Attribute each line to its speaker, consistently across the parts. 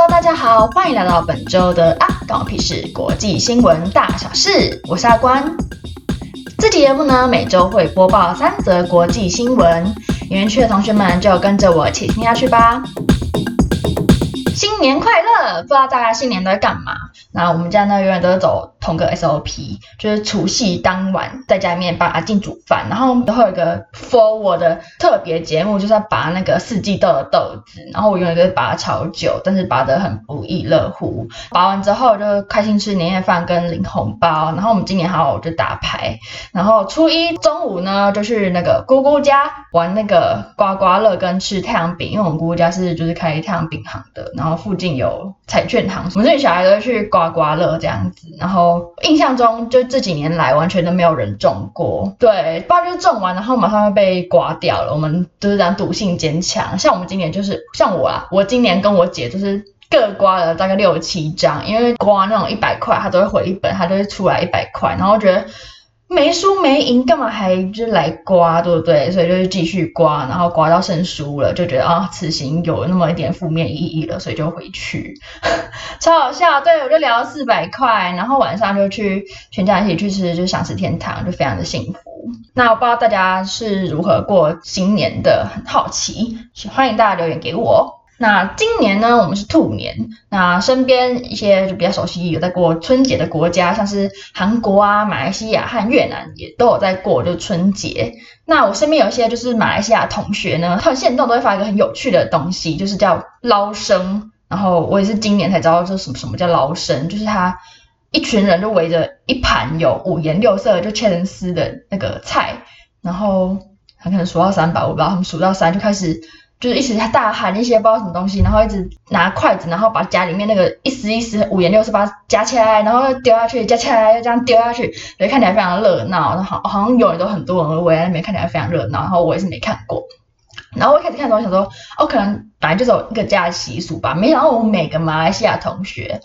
Speaker 1: 哈囉，大家好，歡迎來到本週的阿關我屁事國際新聞大小事，我是阿關。這期節目呢，每週會播報三則國際新聞，有興趣的同學們就跟着我一起聽下去吧。新年快樂！不知道大家新年都在幹嘛？那我們家呢，永遠都在走，個 SOP 就是除夕當晚在家裡面幫阿進煮飯，然後然後有一個 forward 的特別節目，就是要拔那個四季豆的豆子，然後我用一個是拔超久，但是拔得很不亦樂乎。拔完之後就開心吃年夜飯跟領紅包，然後我們今年還有就打牌，然後初一中午呢就去、是、那個姑姑家玩那個刮刮樂跟吃太陽餅，因為我們姑姑家是就是開太陽餅行的，然後附近有彩券行，我們這些小孩都會去刮刮樂這樣子，然後。印象中就這幾年來完全都沒有人中過，對，不然就是中完然後馬上就被刮掉了。我們就是這樣賭性堅強，像我們今年就是像我啊，我今年跟我姐就是各刮了大概六七張，因為刮那種一百塊，她都會回一本，她都會出來一百塊，然後我覺得。沒輸沒贏，幹嘛還就來刮，對不對？所以就是繼續刮，然後刮到勝輸了，就覺得啊、哦，此行有那麼一點負面意義了，所以就回去， 超好笑。對，我就聊了四百塊，然後晚上就去全家一起去吃，就想吃天堂，就非常的幸福。那我不知道大家是如何過新年的，很好奇，歡迎大家留言給我。那今年呢，我們是兔年。那身邊一些就比較熟悉有在過春節的國家，像是韓國啊、馬來西亞和越南也都有在過就是、春節。那我身邊有一些就是馬來西亞同學呢，他們現在都會發一個很有趣的東西，就是叫撈生。然後我也是今年才知道這什麼什麼叫撈生，就是他一群人就圍着一盤有五顏六色就切成絲的那個菜，然後他可能數到三吧，我不知道他們數到三就開始。就是一直在大喊一些不知道什麼東西，然後一直拿筷子，然後把家裡面那個一絲一絲五顏六色把它夾起來，然後又丟下去，夾起來又這樣丟下去，所以看起來非常的熱鬧。然後好好像永遠都很多人圍在那邊，看起來非常熱鬧。然後我也是沒看過。然後我一開始看的時候想說，哦，可能本來就是有一個家的習俗吧。沒想到我每個馬來西亞同學，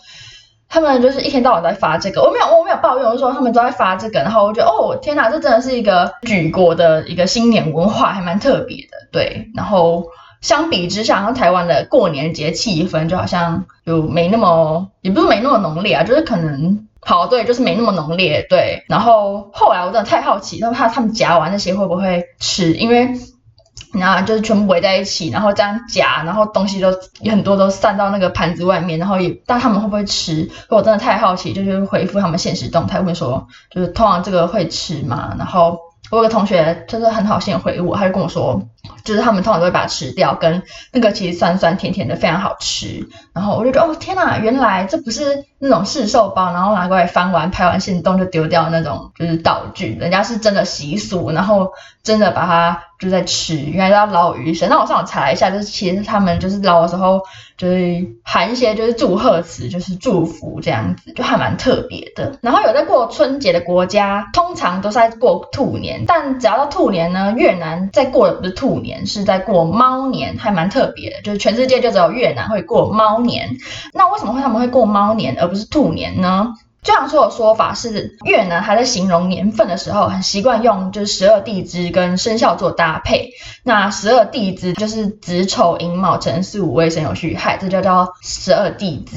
Speaker 1: 他們就是一天到晚都在發這個。我沒有我沒有抱怨，我就是說他們都在發這個。然後我覺得哦天哪，這真的是一個舉國的一個新年文化，還蠻特別的。對，然後。相比之下，像台灣的過年節氣氛，就好像有，沒那麼，也不是沒那麼濃烈啊，就是可能，好對，就是沒那麼濃烈，對。然後後來我真的太好奇，那他他們夾完那些會不會吃？因為那就是全部圍在一起，然後這樣夾，然後東西都也很多都散到那個盤子外面，然後也，但他們會不會吃？我真的太好奇，就是回復他們限時動態，會問說就是通常這個會吃嘛。然後我有個同學就是很好心回我，他就跟我說。就是他們通常都會把它吃掉，跟那個其實酸酸甜甜的非常好吃。然後我就覺得哦天吶，原來這不是那種市售包，然後拿過來翻完拍完現凍就丟掉那種，就是道具。人家是真的習俗，然後真的把它就在吃，原來要撈魚生。那我上網查了一下，就是其實他們就是撈的時候，就是喊一些就是祝賀詞，就是祝福這樣子，就還蠻特別的。然後有在過春節的國家，通常都是在過兔年，但只要到兔年呢，越南在過的是兔年，年是在過貓年，還蠻特別的，就是全世界就只有越南會過貓年。那為什麼會他們會過貓年，而不是兔年呢？這樣說的說法是，越南還在形容年份的時候，很習慣用就是十二地支跟生肖做搭配。那十二地支就是子丑寅卯辰巳午未申酉戌亥，這叫叫十二地支。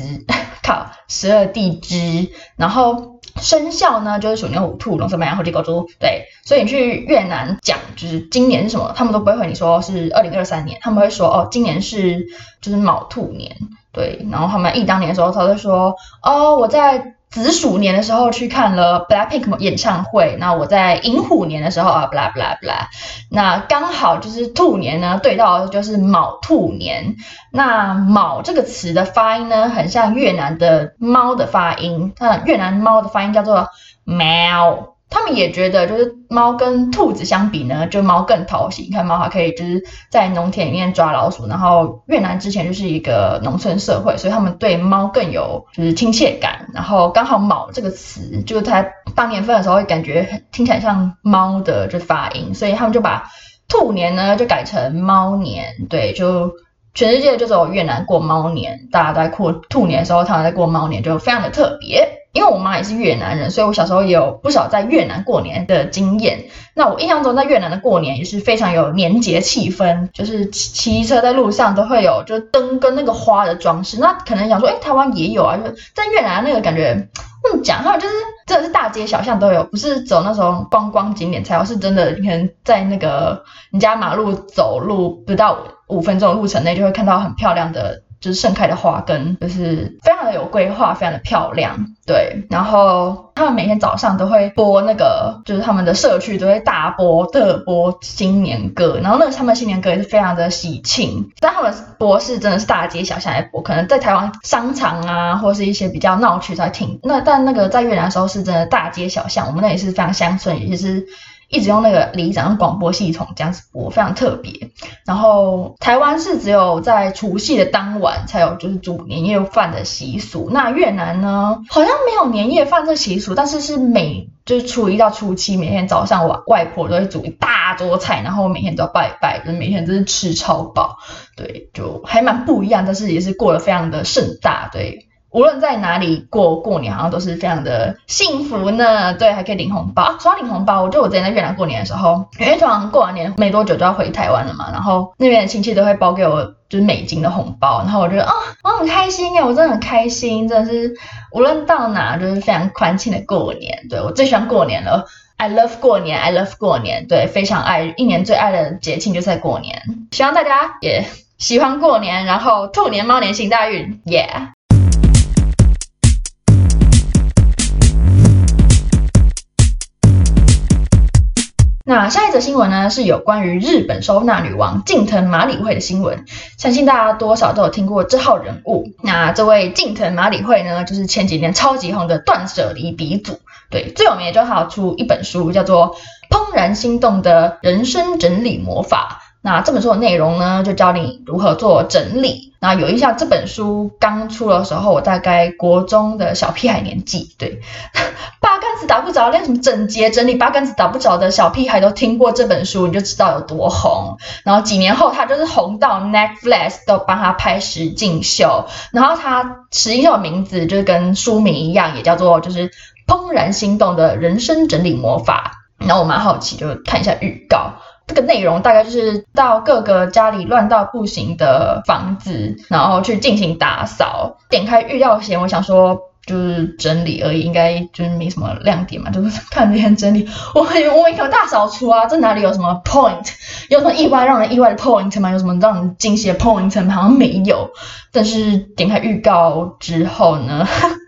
Speaker 1: 靠，十二地支，然後。生肖呢，就是鼠牛虎兔龍蛇馬羊猴雞狗豬。對，所以你去越南講，就是今年是什麼，他們都不會回你說是二零二三年，他們會說哦，今年是就是卯兔年。對，然後他們憶當年的時候，他就說哦，我在。子鼠年的時候去看了 Black Pink 演唱會，那我在寅虎年的時候啊，bla bla bla，那剛好就是兔年呢，對到的就是卯兔年，那卯這個詞的發音呢，很像越南的貓的發音，那越南貓的發音叫做貓。他們也覺得，就是貓跟兔子相比呢，就貓更討喜。你看，貓還可以就是在農田裡面抓老鼠。然後越南之前就是一個農村社會，所以他們對貓更有就是親切感。然後剛好卯這個詞，就是它當年份的時候，會感覺聽起來很像貓的就發音，所以他們就把兔年呢就改成貓年。對，就全世界就只有越南過貓年，大家都在過兔年的時候，他們在過貓年，就非常的特別。因為我媽也是越南人，所以我小時候也有不少在越南過年的經驗。那我印象中，在越南的過年也是非常有年節氣氛，就是騎車在路上都會有，就燈跟那個花的裝飾。那可能想說，哎、欸，台灣也有啊。就在越南那個感覺，怎麼講？講話就是真的是大街小巷都有，不是走那種觀光、光景點才有。是真的你可能在那個你家馬路走路不到五,五分鐘的路程內，就會看到很漂亮的。就是盛開的花，根，就是非常的有規劃，非常的漂亮，對。然後他們每天早上都會播那個，就是他們的社區都會大播特播新年歌，然後那個他們新年歌也是非常的喜慶。但他們播是真的是大街小巷來播，可能在台灣商場啊，或者是一些比較鬧區才聽。那但那個在越南的時候是真的大街小巷，我們那裡是非常鄉村，也、就是。一直用那個里長廣播系統這樣子播，非常特別。然後台灣是只有在除夕的當晚才有，就是煮年夜飯的習俗。那越南呢，好像沒有年夜飯這習俗，但是是每就是初一到初七，每天早上我外婆都會煮一大桌菜，然後每天都要拜拜，就每天都是吃超飽，對，就還蠻不一樣，但是也是過得非常的盛大，對。無論在哪裡過過年，好像都是非常的幸福呢。對，還可以領紅包啊！說到領紅包，我覺得我之前在越南過年的時候，因為通常過完年沒多久就要回台灣了嘛，然後那邊的親戚都會包給我就是美金的紅包，然後我就啊，我很開心耶！我真的很開心，真的是無論到哪就是非常歡慶的過年。對，我最喜歡過年了，I love 過年，I love 過年，對，非常愛。一年最愛的節慶就是在過年，希望大家也喜歡過年，然後兔年貓年行大運，耶、yeah.！那下一則新聞呢，是有關於日本收納女王近藤麻里惠的新聞。相信大家多少都有聽過這號人物。那這位近藤麻里惠呢，就是前幾年超級紅的斷舍離鼻祖。對，最有名的就是出一本書，叫做《怦然心動的人生整理魔法》。那這本書的內容呢，就教你如何做整理。那有印象，這本書剛出的時候，我大概國中的小屁孩年紀，對，八。 八竿子打不着，連什麼整潔整理八竿子打不着的小屁孩都聽過這本書，你就知道有多紅。然後幾年後，他就是紅到 Netflix 都幫他拍實境秀。然後他實境秀的名字就是跟書名一樣，也叫做就是《怦然心動的人生整理魔法》。然後我蠻好奇，就看一下預告，這個內容大概就是到各個家裡亂到不行的房子，然後去進行打掃。點開預告前，我想說。就是整理而已，應該就是沒什麼亮點嘛，就是看別人整理。我我一個大掃除啊，這哪裡有什麼 point？有什麼意外讓人意外的 point 嗎？有什麼讓人驚喜的 point 嗎？好像沒有。但是點開預告之後呢？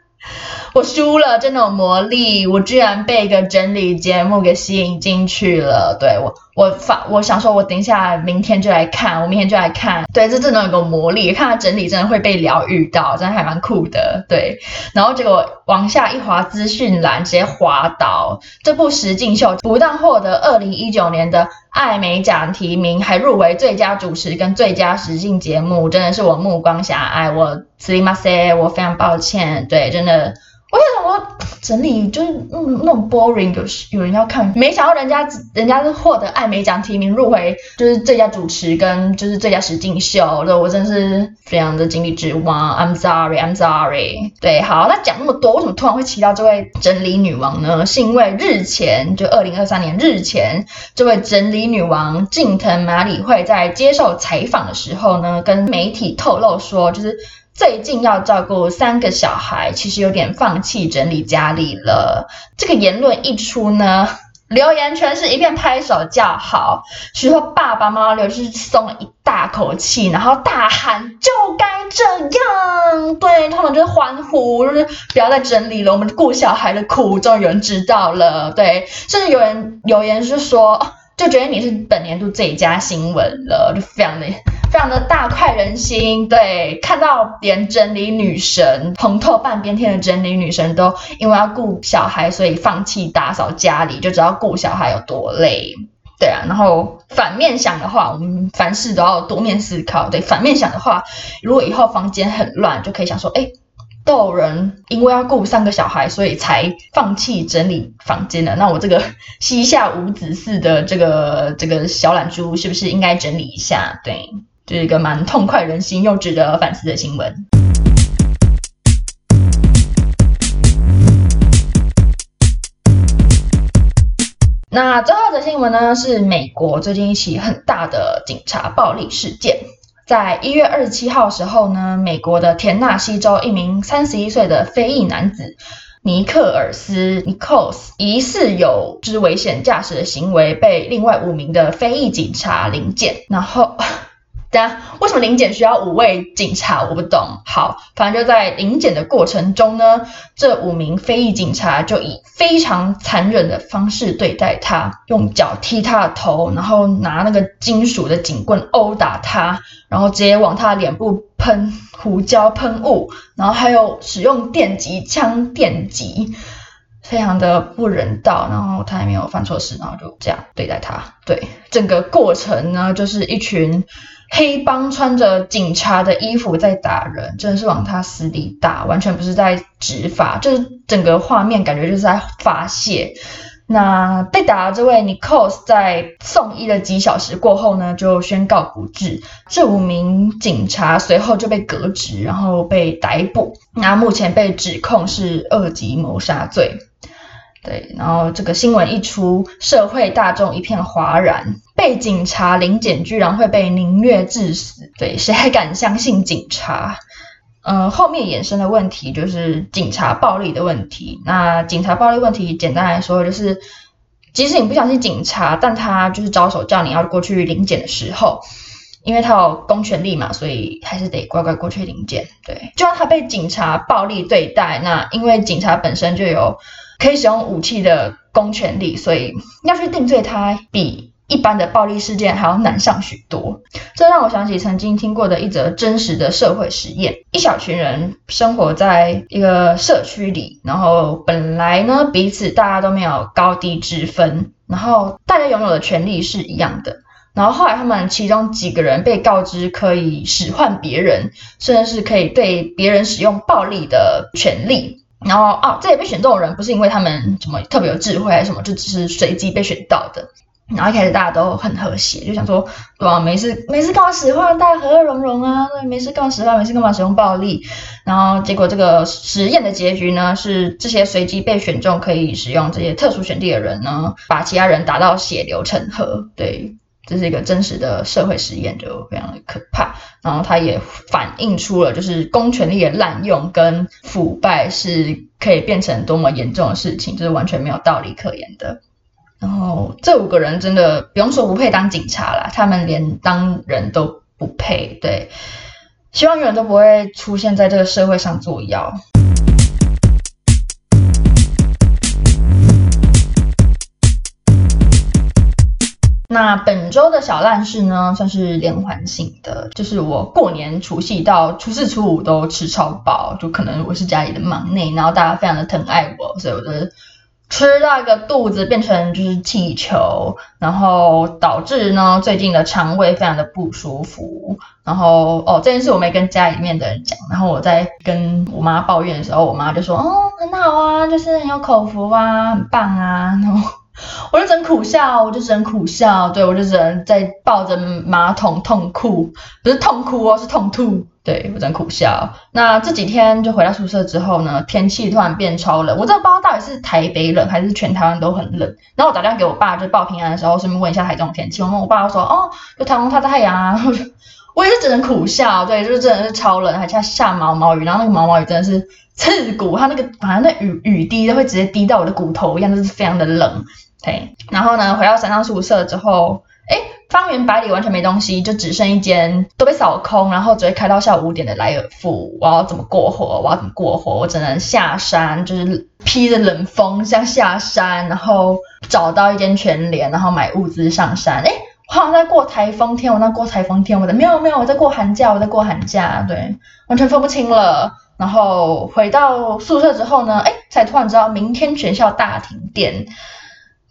Speaker 1: 我輸了，真的有魔力，我居然被一個整理節目給吸引進去了。對我，我發，我想說，我等一下明天就來看，我明天就來看。對，這真的有個魔力，看它整理真的會被療癒到，真的還蠻酷的。對，然後結果往下一滑資訊欄，直接滑倒。這部實境秀不但獲得二零一九年的艾美獎提名，還入圍最佳主持跟最佳實境節目，真的是我目光狹隘，我私密馬賽，我非常抱歉。對，真的。為什麼我想說整理就是那種那種 boring，有有人要看，沒想到人家人家是獲得艾美獎提名入圍，就是最佳主持跟就是最佳實境秀，我真是非常的精力之王。I'm sorry, I'm sorry。對，好，那講那麼多，為什麼突然會提到這位整理女王呢？是因為日前就二零二三年日前，這位整理女王近藤麻理惠在接受採訪的時候呢，跟媒體透露說就是。最近要照顧三個小孩，其實有點放棄整理家裡了。這個言論一出呢，留言全是一片拍手叫好。其實說，爸爸媽媽們就是鬆了一大口氣，然後大喊：“就該這樣！”對，他們就是歡呼，就是不要再整理了。我們顧小孩的苦終於有人知道了，對。甚至有人留言，留言是說、哦：“就覺得你是本年度最佳新聞了。”就非常的。非常的大快人心，對，看到連整理女神、紅透半邊天的整理女神都因為要顧小孩，所以放棄打掃家裡，就知道顧小孩有多累，對啊。然後反面想的話，我們凡事都要多面思考，對，反面想的話，如果以後房間很亂，就可以想說，誒都有人因為要顧三個小孩，所以才放棄整理房間了。那我這個膝下無子嗣的這個這個小懶豬，是不是應該整理一下？對。就是一個蠻痛快人心又值得反思的新聞。 那最後的新聞呢？是美國最近一起很大的警察暴力事件。在一月二十七號時候呢，美國的田納西州一名三十一歲的非裔男子尼克爾斯尼克斯疑似有之危險駕駛的行為，被另外五名的非裔警察臨檢，然後。當然，為什麼臨檢需要五位警察？我不懂。好，反正就在臨檢的過程中呢，這五名非裔警察就以非常殘忍的方式對待他，用腳踢他的頭，然後拿那個金屬的警棍毆打他，然後直接往他臉部噴胡椒噴霧，然後還有使用電擊槍電擊。非常的不人道，然後他也沒有犯錯事，然後就這樣對待他。對，整個過程呢，就是一群黑幫穿着警察的衣服在打人，真的是往他死裡打，完全不是在執法，就是整個畫面感覺就是在發洩。那被打的這位尼克在送醫的幾小時過後呢，就宣告不治。這五名警察隨後就被革職，然後被逮捕。那目前被指控是二級謀殺罪。對，然後這個新聞一出，社會大眾一片嘩然，被警察臨檢居然會被凌虐致死，對，誰還敢相信警察？嗯、呃，後面衍生的問題就是警察暴力的問題。那警察暴力問題，簡單來說就是，即使你不相信警察，但他就是招手叫你要過去臨檢的時候，因為他有公權力嘛，所以還是得乖乖過去臨檢。對，就算他被警察暴力對待，那因為警察本身就有可以使用武器的公權力，所以要去定罪它，比一般的暴力事件還要難上許多。這讓我想起曾經聽過的一則真實的社會實驗：一小群人生活在一個社區裡，然後本來呢，彼此大家都沒有高低之分，然後大家擁有的權利是一樣的。然後後來他們其中幾個人被告知可以使喚別人，甚至是可以對別人使用暴力的權利。然後哦，這些被選中的人不是因為他們什麼特別有智慧，什麼就只是隨機被選到的。然後一開始大家都很和諧，就想說，對啊，沒事沒事幹嘛使喚，大家和和融融啊，沒事幹嘛使喚，對啊，沒事幹嘛使用暴力。然後結果這個實驗的結局呢，是這些隨機被選中可以使用這些特殊選地的人呢，把其他人打到血流成河，對。這是一個真實的社會實驗，就非常的可怕。然後它也反映出了，就是公權力的濫用跟腐敗是可以變成多麼嚴重的事情，就是完全沒有道理可言的。然後這五個人真的不用說不配當警察啦，他們連當人都不配。對，希望永遠都不會出現在這個社會上作妖。那本周的小爛事呢，算是連環性的，就是我過年除夕到初四初五都吃超飽，就可能我是家裡的忙內，然後大家非常的疼愛我，所以我就吃到一個肚子變成就是氣球，然後導致呢，最近的腸胃非常的不舒服，然後哦，這件事我沒跟家裡面的人講，然後我在跟我媽抱怨的時候，我媽就說，哦，很好啊，就是很有口福啊，很棒啊，然後。我就只能苦笑，我就只能苦笑，對，我就只能在抱着馬桶痛哭，不是痛哭哦，是痛吐。對，我只能苦笑。那這幾天就回到宿舍之後呢，天氣突然變超冷。我這個包到底是台北冷，還是全台灣都很冷？然後我打電話給我爸，就報平安的時候，順便問一下台中的天氣。我問我爸說，哦，就台中大太陽啊。我，就我也是只能苦笑，對，就是真的是超冷，還下下毛毛雨，然後那個毛毛雨真的是刺骨，它那個反正那雨雨滴都會直接滴到我的骨頭一樣，就是非常的冷。對，然後呢，回到山上宿舍之後，誒方圓百里完全沒東西，就只剩一間都被掃空，然後直接開到下午五點的萊爾富，我要怎麼過活？我要怎麼過活？我只能下山，就是披着冷風這樣下山，然後找到一間全聯，然後買物資上山。誒，我好像在過颱風天，我那過颱風天，我沒有，沒有，我在過寒假，我在過寒假，對，完全分不清了。然後回到宿舍之後呢，誒才突然知道明天全校大停電。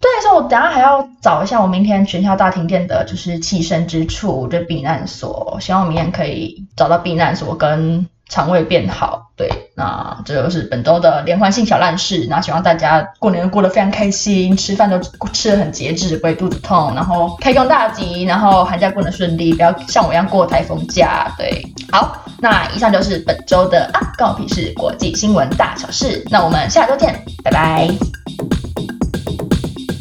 Speaker 1: 對，所以我等下還要找一下我明天全校大停電的，就是棲身之處，就是、避難所。希望我明天可以找到避難所，跟腸胃變好。對，那這就是本周的連環性小爛事。那希望大家過年過得非常開心，吃飯都吃得很節制，不會肚子痛。然後開工大吉，然後寒假過得順利，不要像我一樣過台風假。對，好，那以上就是本周的啊，關我屁事國際新聞大小事。那我們下周見，拜拜。